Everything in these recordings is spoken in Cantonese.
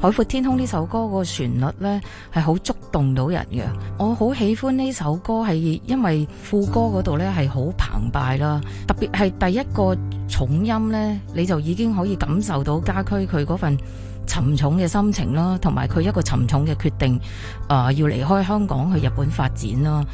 《海闊天空》呢首歌個旋律呢係好觸動到人嘅，我好喜歡呢首歌係因為副歌嗰度呢係好澎湃啦，特別係第一個重音呢，你就已經可以感受到家駒佢嗰份沉重嘅心情啦，同埋佢一個沉重嘅決定，啊、呃、要離開香港去日本發展啦。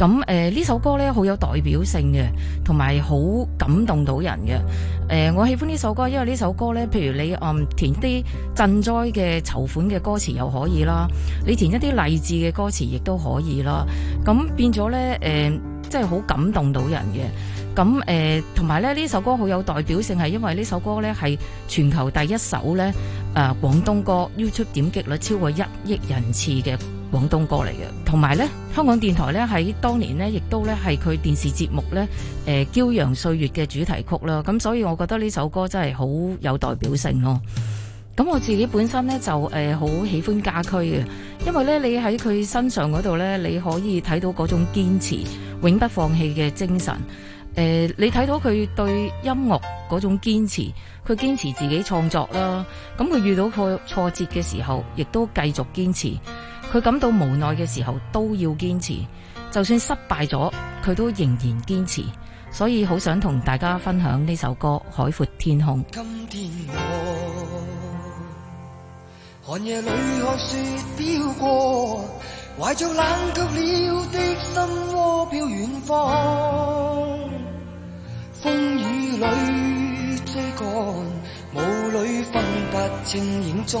咁誒呢首歌呢，好有代表性嘅，同埋好感動到人嘅。誒、呃，我喜歡呢首歌，因為呢首歌呢，譬如你、嗯、填啲賑災嘅籌款嘅歌詞又可以啦，你填一啲勵志嘅歌詞亦都可以啦。咁變咗呢，誒、呃，即係好感動到人嘅。咁誒，同埋咧呢首歌好有代表性係因為呢首歌呢，係全球第一首呢誒呃、廣東歌 YouTube 點擊率超過一億人次嘅。廣東歌嚟嘅，同埋呢，香港電台呢，喺當年呢，亦都呢，係佢電視節目呢誒、呃《驕陽歲月》嘅主題曲啦。咁所以我覺得呢首歌真係好有代表性咯。咁我自己本身呢，就誒好、呃、喜歡家駒嘅，因為呢，你喺佢身上嗰度呢，你可以睇到嗰種堅持、永不放棄嘅精神。誒、呃，你睇到佢對音樂嗰種堅持，佢堅持自己創作啦。咁佢遇到挫挫折嘅時候，亦都繼續堅持。佢感到無奈嘅時候都要堅持，就算失敗咗，佢都仍然堅持。所以好想同大家分享呢首歌《海闊天空》。今天我寒夜裏看雪飄過，懷着冷卻了的心窩飄遠方。風雨裏追趕，霧裏分不清影蹤。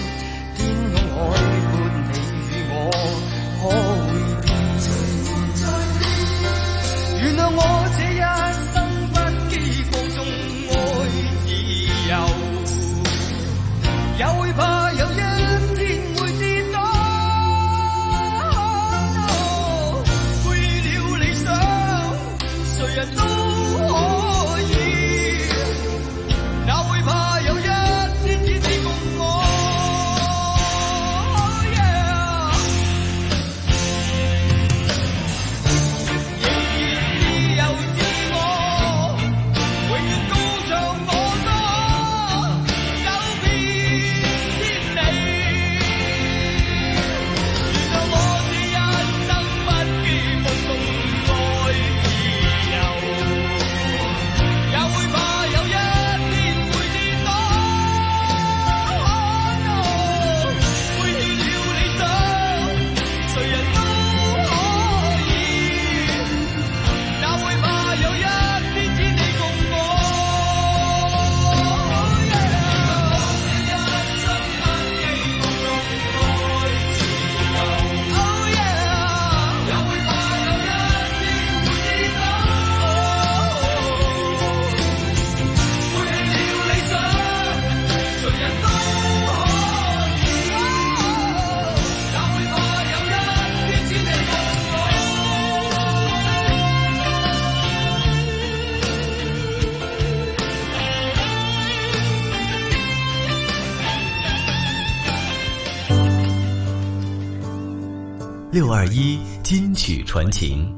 曲傳情，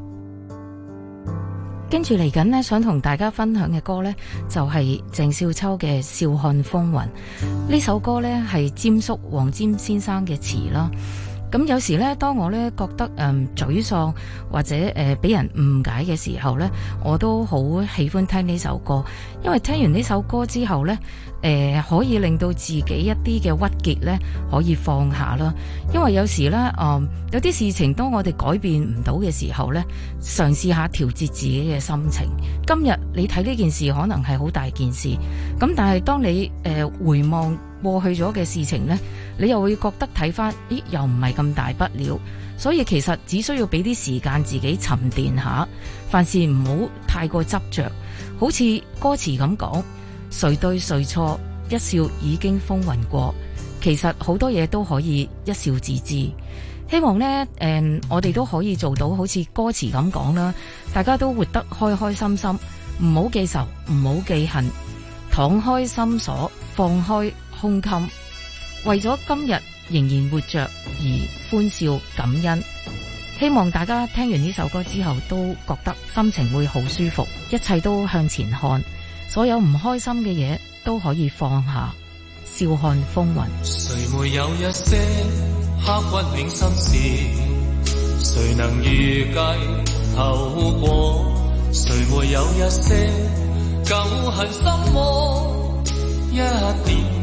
跟住嚟緊呢想同大家分享嘅歌呢，就係鄭少秋嘅《笑看風雲》呢首歌呢，係霑叔黃霑先生嘅詞啦。咁有時咧，當我咧覺得誒沮喪或者誒俾、呃、人誤解嘅時候咧，我都好喜歡聽呢首歌，因為聽完呢首歌之後咧，誒、呃、可以令到自己一啲嘅鬱結咧可以放下啦。因為有時咧，哦、呃、有啲事情當我哋改變唔到嘅時候咧，嘗試下調節自己嘅心情。今日你睇呢件事可能係好大件事，咁但係當你誒、呃、回望，過去咗嘅事情呢，你又會覺得睇返，咦，又唔係咁大不了。所以其實只需要俾啲時間自己沉澱下，凡事唔好太過執着。好似歌詞咁講，誰對誰錯，一笑已經風雲過。其實好多嘢都可以一笑自知。希望呢，誒、嗯，我哋都可以做到好似歌詞咁講啦，大家都活得開開心心，唔好記仇，唔好記恨，敞開心鎖，放開。胸襟，為咗今日仍然活着而歡笑感恩，希望大家聽完呢首歌之後都覺得心情會好舒服，一切都向前看，所有唔開心嘅嘢都可以放下，笑看風雲。誰沒有一些刻骨銘心事？誰能預計後果？誰沒有一些舊恨心魔？一點。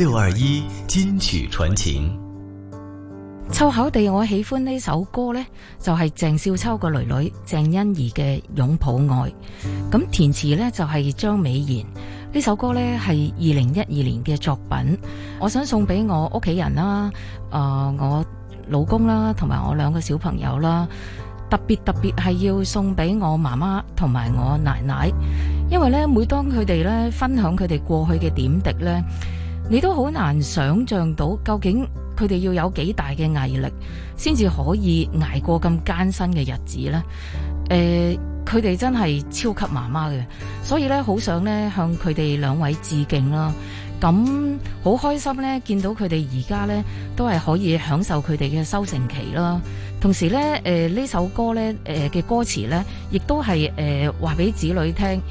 六二一金曲傳情，湊巧地，我喜歡呢首歌呢就係鄭少秋個女女鄭欣宜嘅擁抱愛。咁填詞呢，就係張美賢。呢首歌呢，係二零一二年嘅作品。我想送俾我屋企人啦，誒，我老公啦，同埋我兩個小朋友啦，特別特別係要送俾我媽媽同埋我奶奶，因為呢，每當佢哋呢分享佢哋過去嘅點滴呢。你都好難想象到究竟佢哋要有幾大嘅毅力，先至可以捱過咁艱辛嘅日子呢。誒，佢哋真係超級媽媽嘅，所以咧，好想咧，向佢哋兩位致敬啦。咁好開心咧，見到佢哋而家咧，都係可以享受佢哋嘅收成期啦。同時咧，呢首歌咧，呃嘅歌詞咧，亦都係誒話俾子女聽，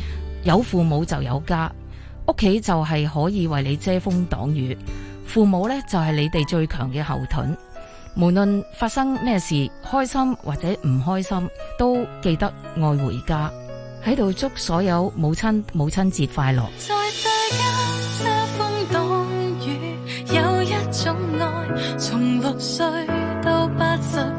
有父母就有家。屋企就係可以為你遮風擋雨，父母呢就係你哋最強嘅後盾。無論發生咩事，開心或者唔開心，都記得愛回家，喺度祝所有母親母親節快樂。在世間遮風擋雨，有一種愛，從六歲到八十。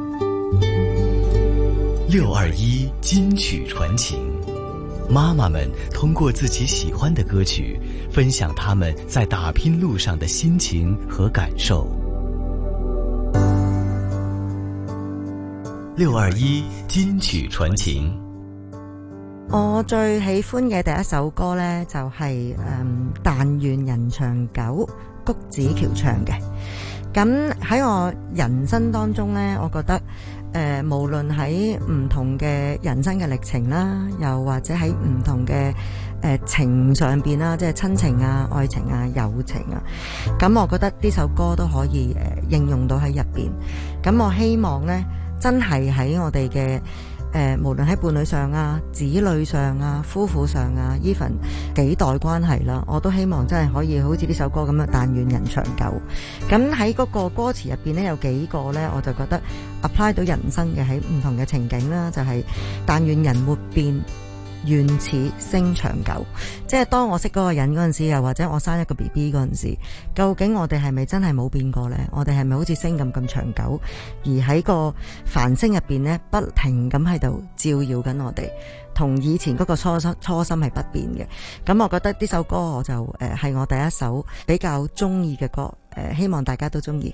六二一金曲傳情，媽媽們通過自己喜歡的歌曲，分享他們在打拼路上的心情和感受。六二一金曲傳情，我最喜歡嘅第一首歌呢，就係呃，但願人長久，谷子橋唱嘅。咁喺我人生當中呢，我覺得。誒、呃，無論喺唔同嘅人生嘅歷程啦，又或者喺唔同嘅誒、呃、情上邊啦，即係親情啊、愛情啊、友情啊，咁我覺得呢首歌都可以誒、呃、應用到喺入邊。咁我希望呢，真係喺我哋嘅。誒、呃，無論喺伴侶上啊、子女上啊、夫婦上啊，even 幾代關係啦，我都希望真係可以好似呢首歌咁樣，但願人長久。咁喺嗰個歌詞入邊咧，有幾個咧，我就覺得 apply 到人生嘅喺唔同嘅情景啦，就係、是、但願人沒變。願似星長久，即係當我識嗰個人嗰陣時，又或者我生一個 BB 嗰陣時，究竟我哋係咪真係冇變過呢？我哋係咪好似星咁咁長久，而喺個繁星入面呢，不停咁喺度照耀緊我哋，同以前嗰個初心、初心係不變嘅。咁我覺得呢首歌我就誒、係、呃、我第一首比較中意嘅歌，呃，希望大家都中意。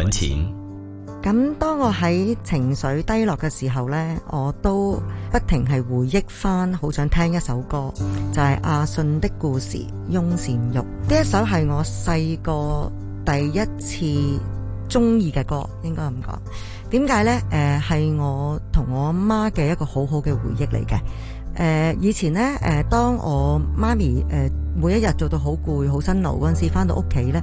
搵錢，咁當我喺情緒低落嘅時候呢，我都不停係回憶翻，好想聽一首歌，就係、是、阿信的故事《翁善玉》呢一首係我細個第一次中意嘅歌，應該咁講。點解呢？誒、呃，係我同我媽嘅一個很好好嘅回憶嚟嘅。誒、呃，以前呢，誒、呃，當我媽咪誒。呃每一日做到好攰好辛勞嗰陣時，翻到屋企咧，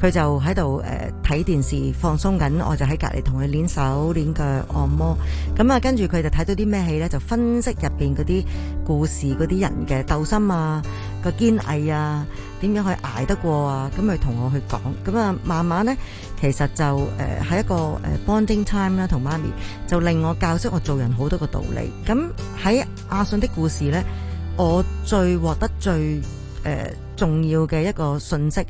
佢就喺度誒睇電視放鬆緊，我就喺隔離同佢練手攣腳按摩。咁啊，跟住佢就睇到啲咩戲咧，就分析入邊嗰啲故事嗰啲人嘅鬥心啊，個堅毅啊，點樣去捱得過啊？咁佢同我去講，咁啊，慢慢咧其實就誒係、呃、一個 bonding time 啦，同媽咪就令我教識我做人好多個道理。咁喺阿信的故事咧，我最獲得最。誒，重要嘅一個信息，誒、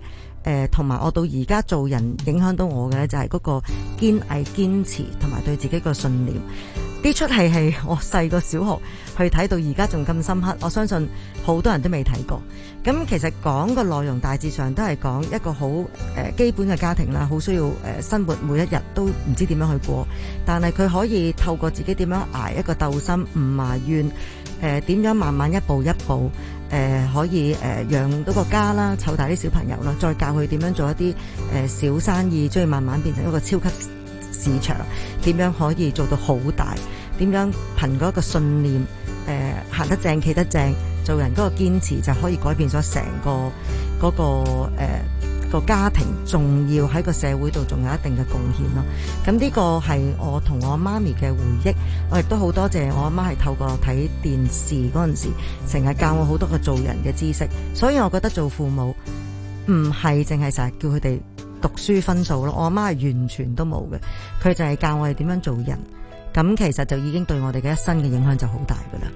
呃，同埋我到而家做人影響到我嘅咧，就係嗰個堅毅堅持，同埋對自己個信念。呢齣戲係我細個小學去睇到而家仲咁深刻，我相信好多人都未睇過。咁其實講個內容大致上都係講一個好誒基本嘅家庭啦，好需要誒生活每一日都唔知點樣去過，但係佢可以透過自己點樣挨一個鬥心，唔埋怨，誒、呃，點樣慢慢一步一步。誒、呃、可以誒、呃、養到個家啦，湊大啲小朋友啦，再教佢點樣做一啲誒、呃、小生意，將慢慢變成一個超級市場，點樣可以做到好大？點樣憑嗰個信念誒、呃、行得正企得正，做人嗰個堅持就可以改變咗成個嗰、那個、呃個家庭仲要喺個社會度仲有一定嘅貢獻咯，咁呢個係我同我媽咪嘅回憶，我亦都好多謝我媽係透過睇電視嗰陣時，成日教我好多個做人嘅知識，所以我覺得做父母唔係淨係成日叫佢哋讀書分數咯，我媽係完全都冇嘅，佢就係教我哋點樣做人，咁其實就已經對我哋嘅一生嘅影響就好大噶啦。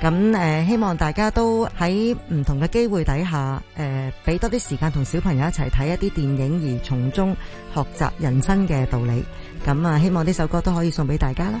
咁誒，希望大家都喺唔同嘅機會底下，誒，俾多啲時間同小朋友一齊睇一啲電影，而從中學習人生嘅道理。咁啊，希望呢首歌都可以送俾大家啦。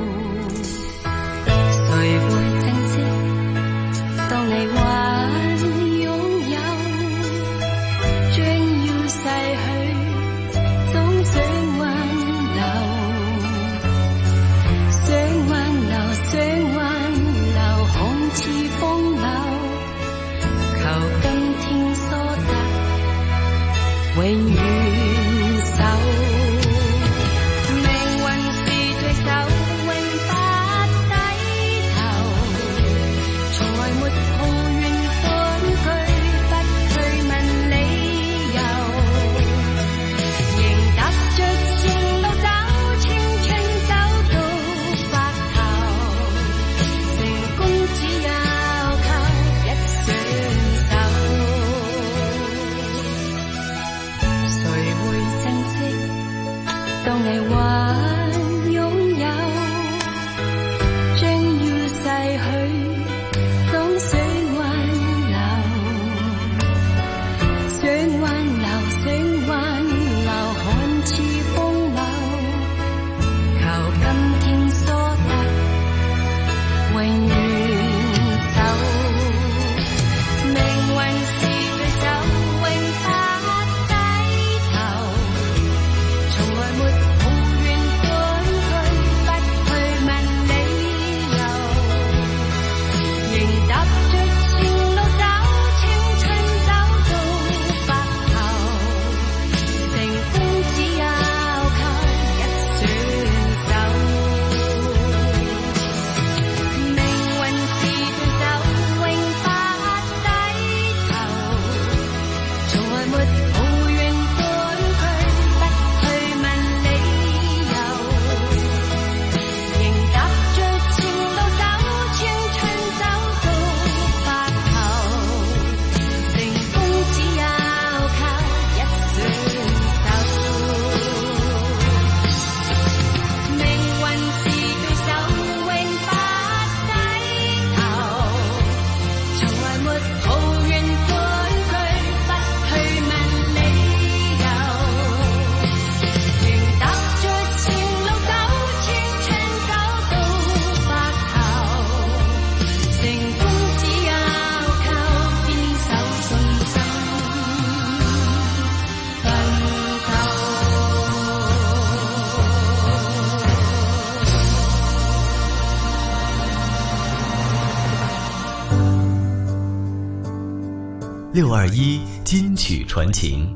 二一金曲傳情，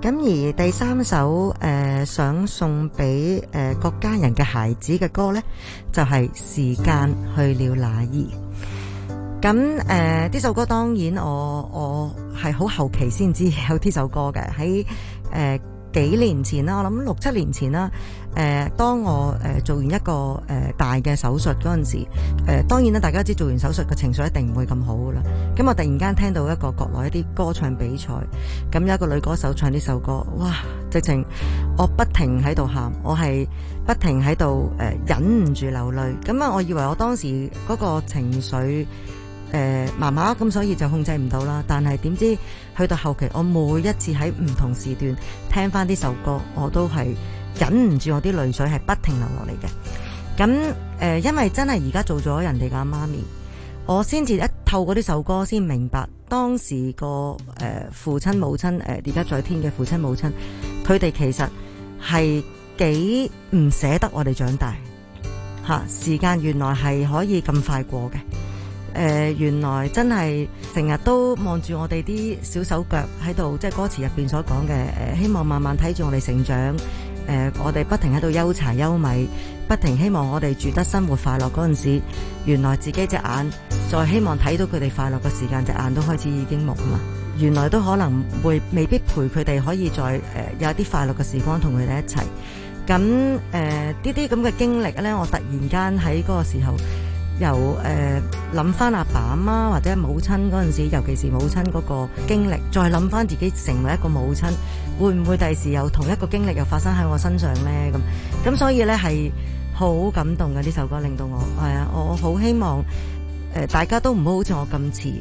咁而第三首誒、呃、想送俾誒、呃、各家人嘅孩子嘅歌咧，就係、是、時間去了哪兒。咁誒呢首歌當然我我係好後期先知有呢首歌嘅，喺誒幾年前啦，我諗六七年前啦。誒、呃，當我、呃、做完一個、呃、大嘅手術嗰陣時、呃，當當然啦，大家知道做完手術嘅情緒一定唔會咁好噶啦。咁我突然間聽到一個國內一啲歌唱比賽，咁有一個女歌手唱呢首歌，哇！直情我不停喺度喊，我係不停喺度誒忍唔住流淚。咁啊，我以為我當時嗰個情緒誒麻麻咁，所以就控制唔到啦。但係點知去到後期，我每一次喺唔同時段聽翻呢首歌，我都係忍唔住我，我啲淚水係不停流落嚟嘅。咁、呃、因為真係而家做咗人哋嘅媽媽咪，我先至一透過呢首歌先明白當時個、呃、父親母親，而、呃、家在，在天嘅父親母親，佢哋其實係幾唔捨得我哋長大吓、啊。時間原來係可以咁快過嘅、呃。原來真係成日都望住我哋啲小手腳喺度，即、就、係、是、歌詞入邊所講嘅、呃，希望慢慢睇住我哋成長。誒、呃，我哋不停喺度憂柴憂米，不停希望我哋住得生活快樂嗰陣時，原來自己隻眼再希望睇到佢哋快樂嘅時間，隻眼都開始已經矇啦。原來都可能會未必陪佢哋，可以再誒、呃、有啲快樂嘅時光同佢哋一齊。咁誒，呢啲咁嘅經歷咧，我突然間喺嗰個時候。由誒諗翻阿爸阿媽或者母親嗰陣時，尤其是母親嗰個經歷，再諗翻自己成為一個母親，會唔會第時有同一個經歷又發生喺我身上呢？咁咁所以呢，係好感動嘅呢首歌令、哎呃呃，令到我我好希望大家都唔好好似我咁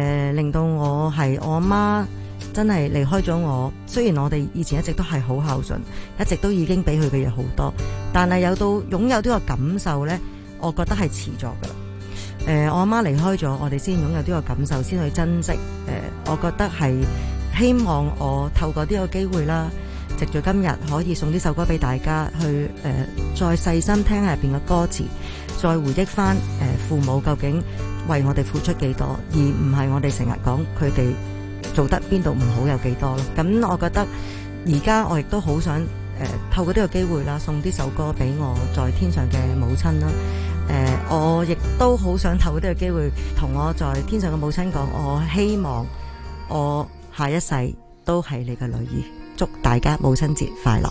遲，令到我係我媽真係離開咗我。雖然我哋以前一直都係好孝順，一直都已經俾佢嘅嘢好多，但係有到擁有呢個感受呢。我覺得係遲咗噶啦，誒、呃，我阿媽離開咗，我哋先擁有呢個感受，先去珍惜。誒、呃，我覺得係希望我透過呢個機會啦，藉住今日可以送呢首歌俾大家去，誒、呃，再細心聽下入邊嘅歌詞，再回憶翻，誒、呃，父母究竟為我哋付出幾多，而唔係我哋成日講佢哋做得邊度唔好有幾多咯。咁我覺得而家我亦都好想。透過呢個機會啦，送啲首歌俾我在天上嘅母親啦。誒，我亦都好想透過呢個機會，同我在天上嘅母親講，我希望我下一世都係你嘅女兒。祝大家母親節快樂！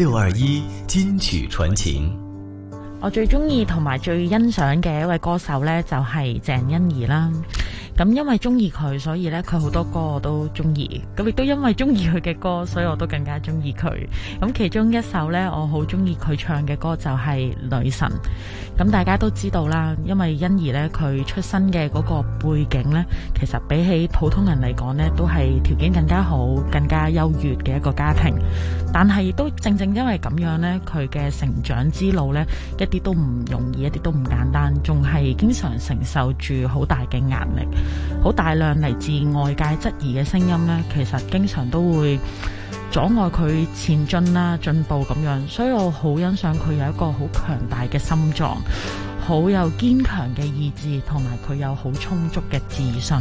六二一金曲傳情，我最中意同埋最欣賞嘅一位歌手咧，就係鄭欣宜啦。咁因為中意佢，所以咧佢好多歌我都中意。咁亦都因為中意佢嘅歌，所以我都更加中意佢。咁其中一首咧，我好中意佢唱嘅歌就係《女神》。咁大家都知道啦，因為欣宜咧佢出身嘅嗰個背景咧，其實比起普通人嚟講咧，都係條件更加好、更加優越嘅一個家庭。但係亦都正正因為咁樣咧，佢嘅成長之路咧一啲都唔容易，一啲都唔簡單，仲係經常承受住好大嘅壓力。好大量嚟自外界質疑嘅聲音呢，其實經常都會阻礙佢前進啦、進步咁樣，所以我好欣賞佢有一個好強大嘅心臟，好有堅強嘅意志，同埋佢有好充足嘅自信，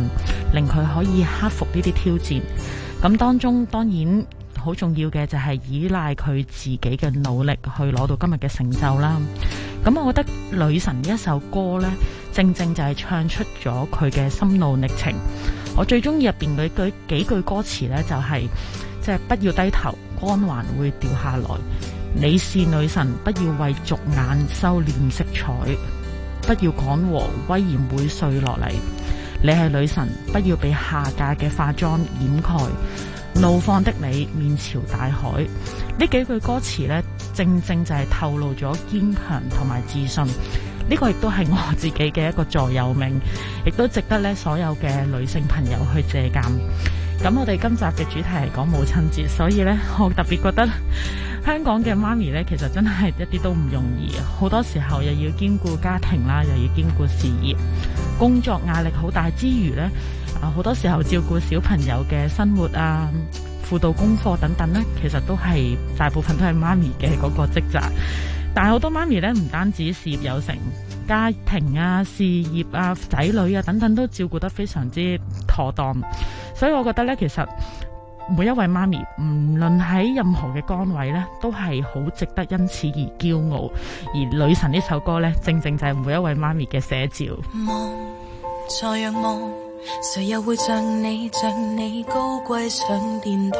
令佢可以克服呢啲挑戰。咁當中當然好重要嘅就係依賴佢自己嘅努力去攞到今日嘅成就啦。咁我覺得《女神》呢一首歌呢。正正就係唱出咗佢嘅心路歷程。我最中意入邊嗰句幾句歌詞呢、就是，就係即係不要低頭，光環會掉下來。你是女神，不要為俗眼收斂色彩，不要講和威嚴會碎落嚟。你係女神，不要被下架嘅化妝掩蓋。怒放的你，面朝大海。呢幾句歌詞呢，正正就係透露咗堅強同埋自信。呢個亦都係我自己嘅一個座右銘，亦都值得咧所有嘅女性朋友去借鑑。咁我哋今集嘅主題係講母親節，所以呢，我特別覺得香港嘅媽咪呢，其實真係一啲都唔容易。好多時候又要兼顧家庭啦，又要兼顧事業，工作壓力好大之餘咧，好多時候照顧小朋友嘅生活啊、輔導功課等等呢，其實都係大部分都係媽咪嘅嗰個職責。但係好多媽咪咧，唔單止事業有成，家庭啊、事業啊、仔女啊等等都照顧得非常之妥當，所以我覺得咧，其實每一位媽咪，唔論喺任何嘅崗位咧，都係好值得因此而驕傲。而女神呢首歌咧，正正就係每一位媽咪嘅寫照。再仰望，誰又會像你，像你高貴上殿堂。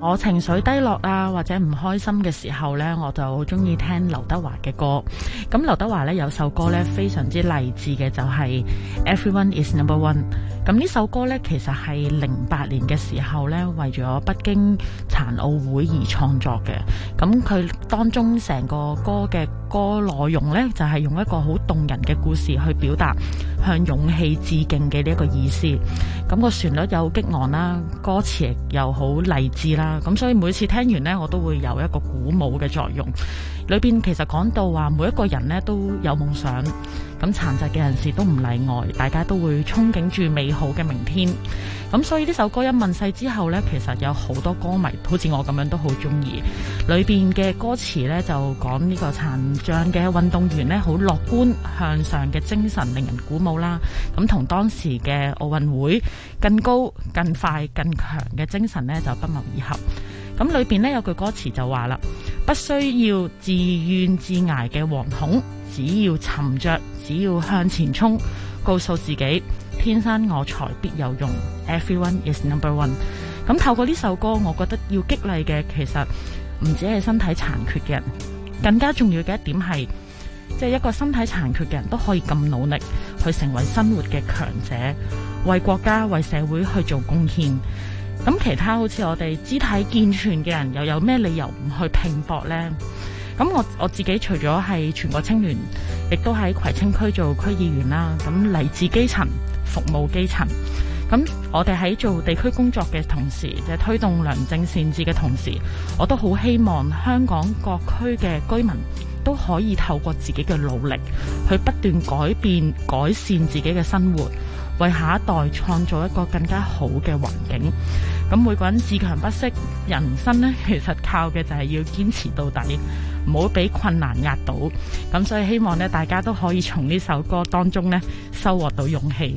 我情緒低落啊，或者唔開心嘅時候呢，我就好中意聽劉德華嘅歌。咁劉德華呢，有首歌呢，非常之勵志嘅，就係《Everyone Is Number One》。咁呢首歌呢，其實係零八年嘅時候呢，為咗北京殘奧會而創作嘅。咁佢當中成個歌嘅，個內容呢，就係用一個好動人嘅故事去表達向勇氣致敬嘅呢一個意思，咁個旋律又激昂啦，歌詞又好勵志啦，咁所以每次聽完呢，我都會有一個鼓舞嘅作用。裏邊其實講到話，每一個人呢都有夢想，咁殘疾嘅人士都唔例外，大家都會憧憬住美好嘅明天。咁所以呢首歌一問世之後呢，其實有好多歌迷，好似我咁樣都好中意。裏邊嘅歌詞呢，就講呢個殘障嘅運動員呢，好樂觀向上嘅精神，令人鼓舞啦。咁同當時嘅奧運會更高、更快、更強嘅精神呢，就不謀而合。咁裏邊咧有句歌詞就話啦，不需要自怨自艾嘅惶恐，只要沉着，只要向前衝，告訴自己天生我材必有用。Everyone is number one。咁透過呢首歌，我覺得要激勵嘅其實唔止係身體殘缺嘅人，更加重要嘅一點係，即係一個身體殘缺嘅人都可以咁努力去成為生活嘅強者，為國家、為社會去做貢獻。咁其他好似我哋肢體健全嘅人又有咩理由唔去拼搏咧？咁我我自己除咗係全國青聯，亦都喺葵青區做區議員啦。咁嚟自基層，服務基層，咁我哋喺做地區工作嘅同時，就推動良政善治嘅同時，我都好希望香港各區嘅居民都可以透過自己嘅努力，去不斷改變改善自己嘅生活。為下一代創造一個更加好嘅環境，咁每個人自強不息，人生呢，其實靠嘅就係要堅持到底，唔好俾困難壓倒。咁所以希望呢，大家都可以從呢首歌當中呢，收穫到勇氣。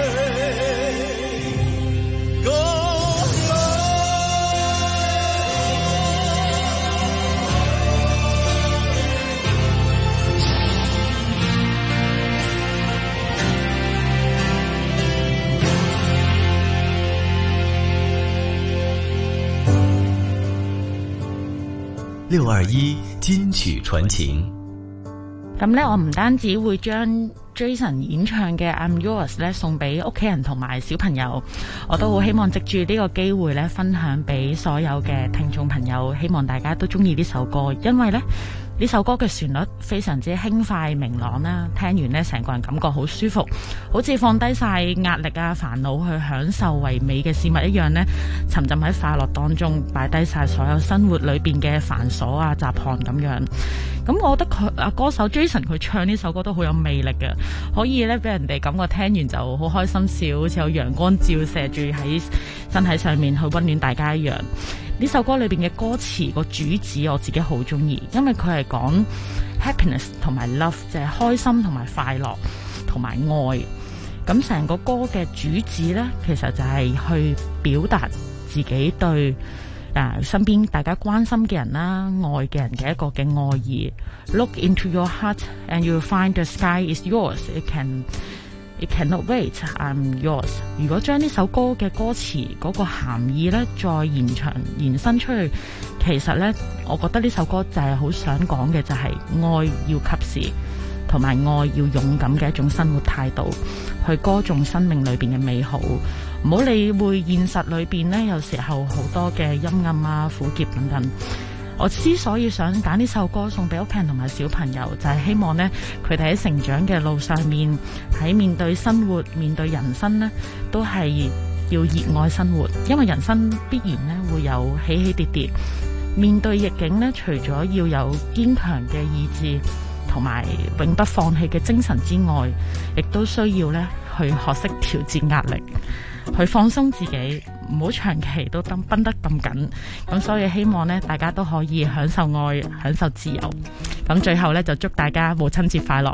六二一金曲傳情，咁咧、嗯、我唔單止會將 Jason 演唱嘅 I'm Yours 咧，送俾屋企人同埋小朋友，我都好希望藉住呢個機會咧，分享俾所有嘅聽眾朋友，希望大家都中意呢首歌，因為呢。呢首歌嘅旋律非常之輕快明朗啦，聽完呢，成個人感覺好舒服，好似放低曬壓力啊、煩惱去享受唯美嘅事物一樣呢，沉浸喺快樂當中，擺低曬所有生活裏面嘅繁瑣啊、雜項咁樣。咁我覺得佢啊歌手 Jason 佢唱呢首歌都好有魅力嘅，可以呢俾人哋感覺聽完就好開心笑，好似有陽光照射住喺身體上面去温暖大家一樣。呢首歌裏邊嘅歌詞個主旨我自己好中意，因為佢係講 happiness 同埋 love，就係開心同埋快樂同埋愛。咁成個歌嘅主旨呢，其實就係去表達自己對啊身邊大家關心嘅人啦、愛嘅人嘅一個嘅愛意。Look into your heart and you'll find the sky is yours. It can It cannot wait, I'm yours。如果將呢首歌嘅歌詞嗰個含義咧，再延長延伸出去，其實咧，我覺得呢首歌就係好想講嘅，就係愛要及時，同埋愛要勇敢嘅一種生活態度，去歌頌生命裏邊嘅美好，唔好理會現實裏邊咧，有時候好多嘅陰暗啊、苦澀等等。我之所以想揀呢首歌送俾屋企人同埋小朋友，就係希望咧，佢哋喺成長嘅路上面，喺面對生活、面對人生咧，都係要熱愛生活。因為人生必然咧會有起起跌跌，面對逆境咧，除咗要有堅強嘅意志同埋永不放棄嘅精神之外，亦都需要咧去學識調節壓力，去放鬆自己。唔好長期都得繃得咁緊，咁所以希望呢大家都可以享受愛，享受自由。咁最後呢就祝大家母親節快樂！